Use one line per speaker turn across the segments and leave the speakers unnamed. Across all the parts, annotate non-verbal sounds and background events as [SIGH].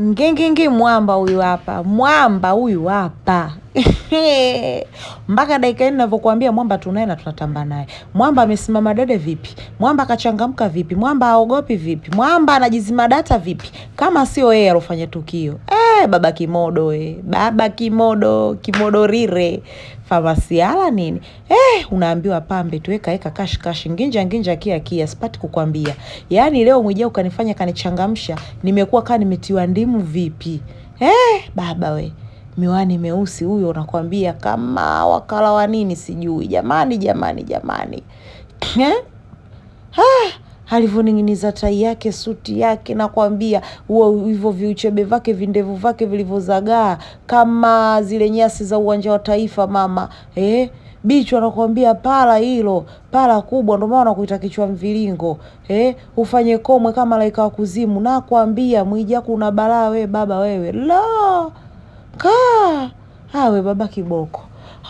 Ngingingi mwamba huyu hapa, mwamba huyu hapa. [LAUGHS] mpaka dakika nne navyokuambia, mwamba tunaye na tunatamba naye. Mwamba amesimama dede vipi? Mwamba akachangamka vipi? Mwamba aogopi vipi? Mwamba anajizima data vipi? kama sio yeye alofanya tukio eh, baba kimodo eh. baba kimodo kimodo rire famasiala nini eh, unaambiwa pambe tuweka weka kash kash nginja nginja kia kia, sipati kukwambia. Yani leo mwijao kanifanya kanichangamsha, nimekuwa kaa nimetiwa ndimu vipi eh, baba we miwani meusi huyo, unakwambia kama wakala wa nini sijui. Jamani, jamani, jamani [CLEARS THROAT] eh? alivyoning'iniza tai yake, suti yake, nakwambia huo hivyo viuchebe vake, vindevu vake vilivyozagaa kama zile nyasi za uwanja wa Taifa mama eh? Bichwa nakwambia, pala hilo pala kubwa, ndio maana wanakuita kichwa mviringo eh? Ufanye komwe kama laika wa kuzimu, nakwambia Mwijaku kuna balaa we baba wewe, lo Kaa! Awe baba kiboko.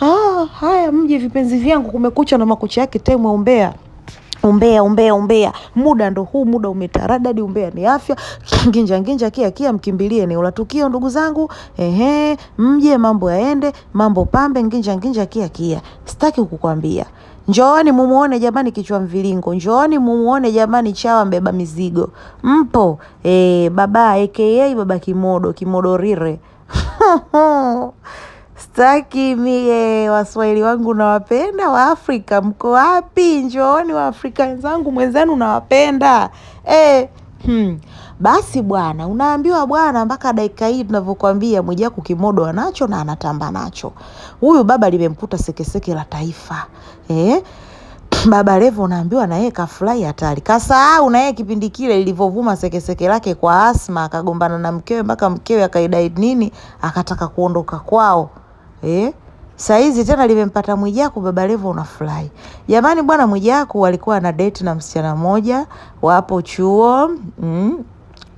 Ah, haya mje vipenzi vyangu, kumekucha na makucha yake temwa umbea umbea umbea umbea, muda ndo huu, muda umetaradadi. Umbea ni afya, [LAUGHS] nginja nginja, kia kia, mkimbilie eneo la tukio ndugu zangu. Ehe, mje mambo yaende, mambo pambe, nginja nginja, kia kia. Sitaki kukwambia, njooni mumuone jamani, kichwa mviringo, njooni mumuone jamani, chawa mbeba mizigo, mpo e, baba aka baba kimodo, kimodo rire Staki [LAUGHS] mie, waswahili wangu nawapenda, waafrika mko wapi? Njooni waafrika wenzangu, mwenzenu nawapenda e. Hmm. Basi bwana, unaambiwa bwana, mpaka dakika hii tunavyokwambia Mwijaku kimodo anacho na anatamba nacho. Huyu baba limemkuta sekeseke la taifa e. [COUGHS] Baba Levo naambiwa na yeye kafurahi hatari, kasahau na yeye kipindi kile ilivyovuma sekeseke lake kwa Asma, akagombana na mkewe mpaka mkewe akaidai nini, akataka kuondoka kwao eh? Saizi tena limempata Mwijaku, Baba Levo unafurahi jamani. Bwana Mwijaku alikuwa na date na msichana mmoja, wapo chuo mm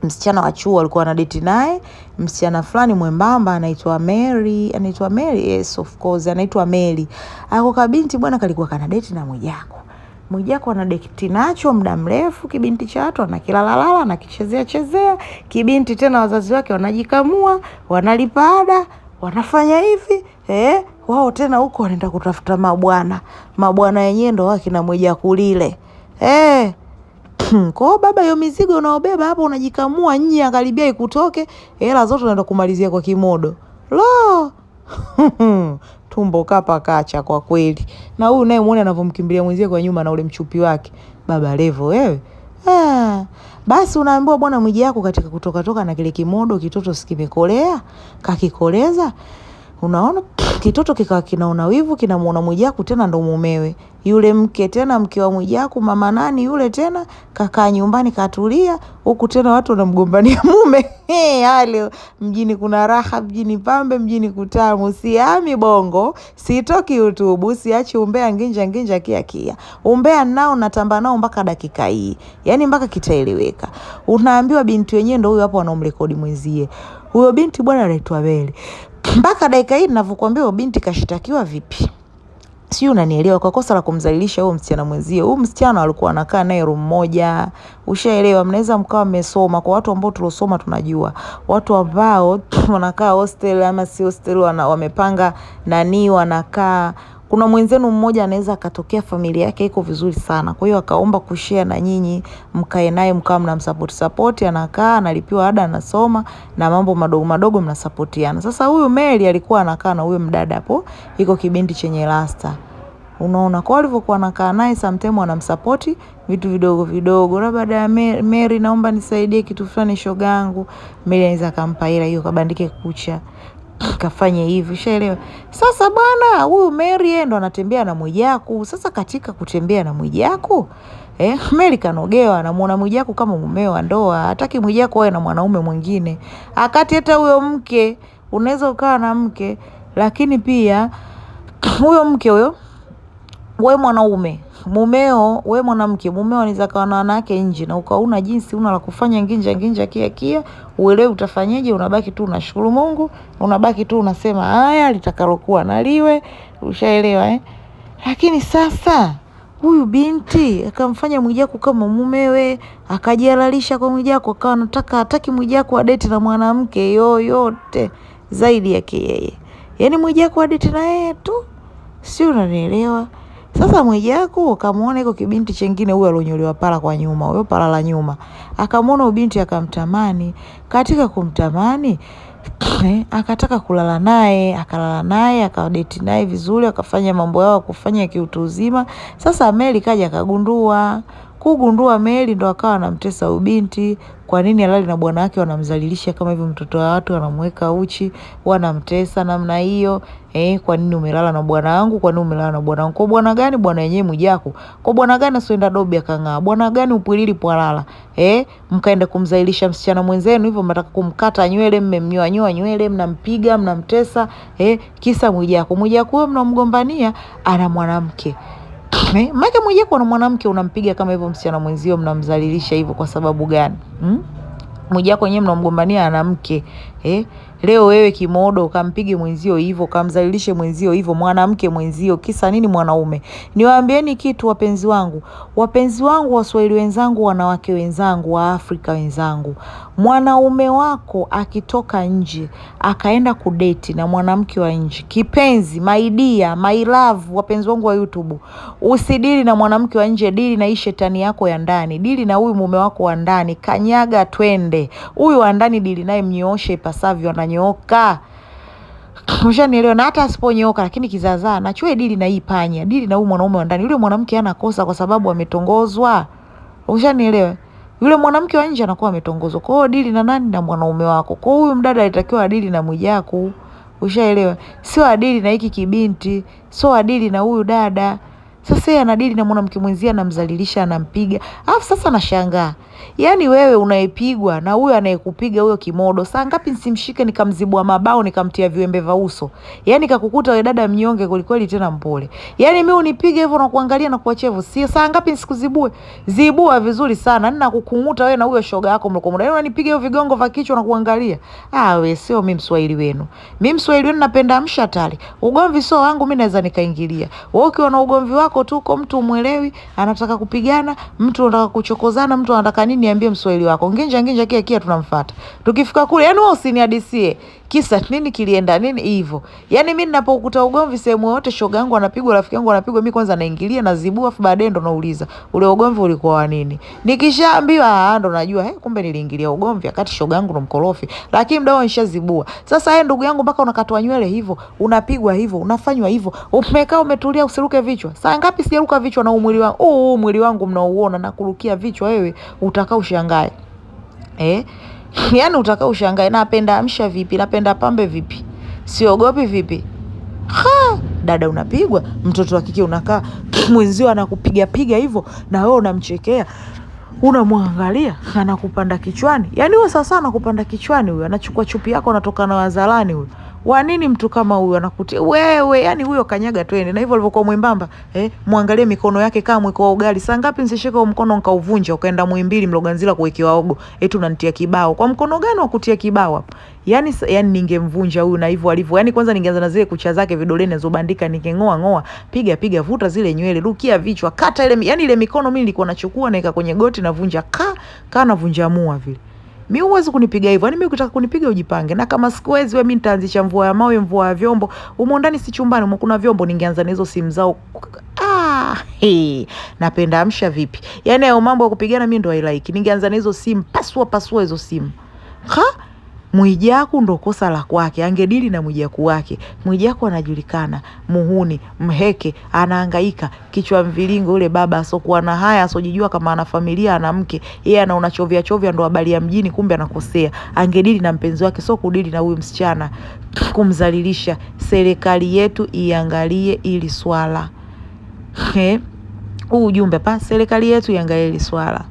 msichana wa chuo alikuwa na date naye msichana fulani mwembamba anaitwa Mary, anaitwa Mary, yes of course, anaitwa Mary. Ako kabinti bwana, kalikuwa kana date na Mwijaku. Mwijaku date nacho muda mrefu, kibinti cha watu, anakilalalala anakichezea chezea, kibinti tena, wazazi wake wanajikamua, wanalipa ada, wanafanya hivi eh, wao tena huko wanaenda kutafuta mabwana. Mabwana yenyewe ndo wakina Mwijaku lile eh. [CLEARS THROAT] kwa hiyo baba, hiyo mizigo unaobeba hapo unajikamua nyi angalibia ikutoke, hela zote unaenda kumalizia kwa kimodo lo [LAUGHS] tumbo kapa kacha kwa kweli. Na huyu naye muone anavyomkimbilia mwenzie kwa nyuma na ule mchupi wake baba levo wewe. Ah, basi unaambiwa bwana, mwiji yako katika kutoka toka na kile kimodo, kitoto sikimekolea kakikoleza unaona kitoto kikawa kinaona wivu kinamwona Mwijaku tena ndo mumewe yule mke tena mke wa Mwijaku mama nani yule tena kakaa nyumbani katulia, huku tena watu wanamgombania [LAUGHS] mume ale mjini kuna raha, mjini pambe, mjini kutamu, siami bongo, sitoki utubu, siachi umbea, nginja nginja, kia kia umbea nao natamba nao mpaka dakika hii, yani mpaka kitaeleweka. Unaambiwa binti wenyewe ndo huyo hapo, wanaomrekodi mwenzie huyo binti bwana anaitwa Beli. Mpaka dakika hii ninavyokuambia binti kashitakiwa vipi? Si unanielewa, kwa kosa la kumdhalilisha huyo msichana mwenzie. Huyu msichana alikuwa anakaa naye room moja, ushaelewa. Mnaweza mkawa mmesoma, kwa watu ambao tuliosoma tunajua watu ambao [CLEARS THROAT] wanakaa hostel ama si hostel, wamepanga nani, wanakaa kuna mwenzenu mmoja anaweza akatokea familia yake iko vizuri sana, kwa hiyo akaomba kushare na nyinyi, mkae naye mkawa support support, anakaa analipiwa ada, anasoma na mambo madogo madogo mnasapotiana. Sasa huyu Mary alikuwa anakaa na huyo mdada hapo, iko kibindi chenye rasta Unaona, kwa alivyokuwa anakaa naye sometimes anamsapoti vitu vidogo vidogo, na baada ya Mary, naomba nisaidie kitu fulani shogangu, Mary anaweza akampa hela hiyo kabandike kucha kafanye hivi, ushaelewa? Sasa bwana huyu Mary ndo anatembea na Mwijaku. Sasa katika kutembea na Mwijaku eh, Mary kanogewa, anamuona Mwijaku kama mume wa ndoa, hataki Mwijaku awe na mwanaume mwingine. Akati hata huyo mke unaweza ukawa na mke, lakini pia [CLEARS THROAT] huyo mke huyo we mwanaume mumeo, we mwanamke mumeo anaweza kawa na wanawake nje, na ukaona jinsi una la kufanya nginja nginja kia kia, uelewe utafanyeje, unabaki tu unashukuru Mungu, unabaki tu unasema haya litakalokuwa naliwe. Ushaelewa eh? Lakini sasa huyu binti akamfanya Mwijaku kama mumewe, akajihalalisha kwa Mwijaku, akawa anataka hataki Mwijaku adeti na mwanamke yoyote zaidi yake yeye, yaani Mwijaku adeti na yeye tu, sio? unanielewa? Sasa Mwijaku kamuona iko kibinti chengine huyo alionyolewa pala kwa nyuma, huyo pala la nyuma, akamwona ubinti akamtamani. Katika kumtamani eh, akataka kulala naye, akalala naye, akadeti naye vizuri, akafanya mambo yao akufanya kiutu uzima. Sasa Meli kaja akagundua kugundua Meli ndo akawa anamtesa ubinti. Kwa nini alali na bwana wake wanamzalilisha kama hivyo, mtoto wa watu wanamweka uchi, wanamtesa namna hiyo eh? Kwa nini umelala na bwana wangu? Kwa nini umelala na bwana wangu? Kwa bwana gani? Bwana wenyewe Mwijaku. Kwa bwana gani usienda dobi akang'aa? Bwana gani upwilili pwalala eh? Mkaenda kumzalilisha msichana mwenzenu hivyo, mnataka kumkata nywele, mmemnyoa nyoa nywele, mnampiga, mnamtesa eh? Kisa Mwijaku. Mwijaku huyo mnamgombania ana mwanamke eh, maana Mwijaku mwanamke unampiga kama hivyo msichana mwenzio, mnamzalilisha hivyo kwa sababu gani hmm? Mwijako wenyewe mnamgombania na mke eh? Leo wewe kimodo kampige mwenzio hivyo, kamzalilishe mwenzio hivyo, mwanamke mwenzio, kisa nini mwanaume? Niwaambieni kitu wapenzi wangu, wapenzi wangu, Waswahili wenzangu, wanawake wenzangu, wa Afrika wenzangu, mwanaume wako akitoka nje akaenda kudeti na mwanamke wa nje, kipenzi, maidia love, wapenzi wangu wa YouTube, usidili na mwanamke wa nje, dili na hii shetani yako ya ndani, dili na huyu mume wako wa ndani, kanyaga twende pale. Huyu wa ndani dili naye mnyooshe ipasavyo, ananyooka. Mshanielewa? Na hata asiponyooka lakini kizaazaa, nachue dili na hii panya, dili na huyu mwanaume wa ndani. Yule mwanamke hana kosa kwa sababu ametongozwa. Ushanielewa? Yule mwanamke wa nje anakuwa ametongozwa. Kwa hiyo dili na nani? Na mwanaume wako. Kwa hiyo huyu mdada alitakiwa adili na Mwijaku. Ushaelewa? Sio adili na hiki kibinti, sio adili na huyu dada. Sasa yeye anadili na mwanamke mwenzie, anamzalilisha, anampiga, alafu sasa nashangaa, yaani wewe unayepigwa na huyo anayekupiga huyo kimodo, saa ngapi nsimshike nikamzibua mabao nikamtia viwembe vya uso, yaani kakukuta wewe dada mnyonge kwelikweli, tena mpole, yaani mimi unipige hivyo na kuangalia na kuachia hivyo, si saa ngapi nisikuzibue? Zibua vizuri sana, nina yaani kukung'uta wewe na huyo shoga yako mloko mmoja, yaani unanipiga hiyo vigongo vya kichwa na kuangalia. Ah, wewe sio mimi mswahili wenu, mimi mswahili wenu napenda mshatali, ugomvi sio wangu, mimi naweza nikaingilia wewe ukiwa na ugomvi wako kwako tuko, mtu umwelewi, anataka kupigana, mtu anataka kuchokozana, mtu anataka nini, niambie mswahili wako nginja nginja, kia kia tunamfuata. Tukifika kule, yani wewe usiniadisie kisa nini, kilienda nini hivyo. Yani mi ninapokuta ugomvi sehemu yoyote, shoga yangu anapigwa, rafiki yangu anapigwa, mi kwanza naingilia, nazibua, afu baadaye ndo nauliza ule ugomvi ulikuwa wa nini. Nikishaambiwa ah, ah ndo najua he, eh, kumbe niliingilia ugomvi wakati shoga yangu ndo mkorofi, lakini mdao nishazibua. Sasa he, ndugu yangu, mpaka unakatwa nywele hivyo, unapigwa hivyo, unafanywa hivyo, umekaa umetulia, usiruke vichwa. Saa ngapi sijaruka vichwa na umwili wangu huu, mwili wangu mnauona, nakurukia vichwa wewe, utakaa ushangae eh. [LAUGHS] yani utaka ushangae, napenda amsha vipi, napenda pambe vipi, siogopi vipi. Ha! Dada unapigwa, mtoto wa kike unakaa, [SNIFFS] mwenzio anakupiga piga hivyo na wewe unamchekea. Unamwangalia anakupanda kichwani. yani wewe sasa anakupanda kichwani huyo, anachukua chupi yako anatoka na wazalani huyo wa nini mtu kama huyo anakutia wewe, yani huyo kanyaga twende. Na hivyo alivyokuwa mwembamba eh, muangalie mikono yake kama mwiko wa ugali. Saa ngapi nisishike mkono nkauvunja ukaenda mwimbili Mloganzila kuwekewa ogo, eti eh, unanitia kibao kwa mkono gani wa kutia kibao hapo? Yani, yani ningemvunja huyu na hivyo alivyo. Yani kwanza ningeanza na zile kucha zake vidoleni azobandika nikeng'oa ngoa, piga piga, vuta zile nywele, rukia vichwa, kata ile, yani ile mikono mimi nilikuwa nachukua naika kwenye goti na vunja ka ka na vunja mua vile mi huwezi kunipiga hivyo. Yani mi ukitaka kunipiga ujipange, na kama sikuwezi we, mi nitaanzisha mvua ya mawe, mvua ya vyombo. Humo ndani si chumbani, humo kuna vyombo, ningeanza na hizo simu zao ah, Hey, napenda amsha vipi? Yani hayo mambo ya kupigana mi ndo ailaiki Ningeanza na hizo simu, pasua pasua hizo simu ha? Mwijaku ndo kosa la kwake, angedili na Mwijaku wake. Mwijaku anajulikana muhuni, mheke, anaangaika kichwa mviringo, yule baba asokuwa na haya, asojijua kama ana familia, ana mke, yeye anaona chovya chovya ndo habari ya mjini, kumbe anakosea. Angedili na mpenzi wake, sio kudili na huyu msichana, kumzalilisha. Serikali yetu iangalie ili swala huu ujumbe pa serikali yetu iangalie ili swala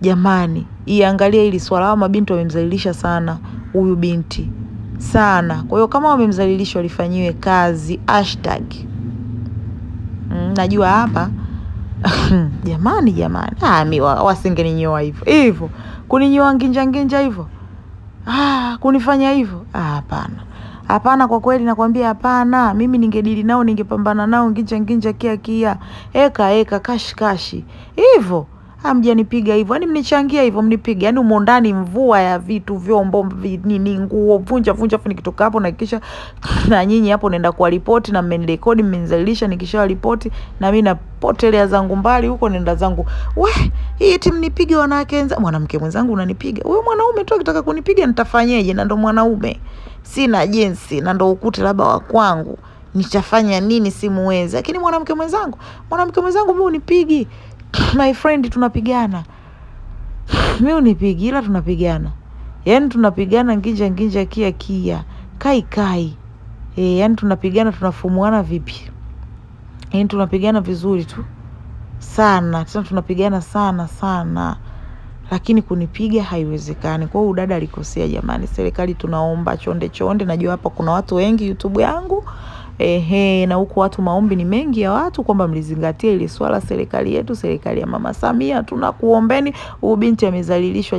jamani iangalie hili swala, hawa mabinti wamemzalilisha sana huyu binti sana. Kwa hiyo kama wamemzalilisha, walifanyiwe kazi hashtag. Mm, najua hapa [LAUGHS] jamani, jamani, ah, mi wasingeninyoa hivyo hivyo, kuninyoa nginja nginja hivyo, ah, kunifanya hivyo, ah, hapana ah, hapana, kwa kweli nakwambia hapana. Mimi ningedili nao, ningepambana nao nginja nginja, kia kia, eka eka, kashi kashi hivyo hamjanipiga hivyo, yani mnichangia hivyo, mnipige yani umo ndani, mvua ya vitu, vyombo, nini, nguo, vunja vunja, afu nikitoka hapo nahakikisha [LAUGHS] na nyinyi hapo naenda kwa ripoti na mmenirekodi, mmenizalilisha. nikisha ripoti na mimi napotelea zangu mbali huko, nenda zangu we, hii timu nipige wanawake wenza, mwanamke mwenzangu unanipiga wewe, mwanaume tu akitaka kunipiga nitafanyeje? Na ndo mwanaume sina jinsi, na ndo ukute labda wa kwangu nitafanya nini? Simuwezi. Lakini mwanamke mwenzangu, mwanamke mwenzangu mimi unipigi my friend tunapigana mi unipigi ila tunapigana yani tunapigana nginja nginja kia kia kai kai e, yani tunapigana tunafumuana vipi yani tunapigana vizuri tu sana tena tunapigana sana sana lakini kunipiga haiwezekani. Kwa hiyo udada alikosea jamani, serikali tunaomba chonde chonde. Najua hapa kuna watu wengi YouTube yangu ehe. Na huku watu maombi ni mengi ya watu kwamba mlizingatie ile swala, serikali yetu, serikali ya Mama Samia, tunakuombeni. Huyu binti amezalilishwa.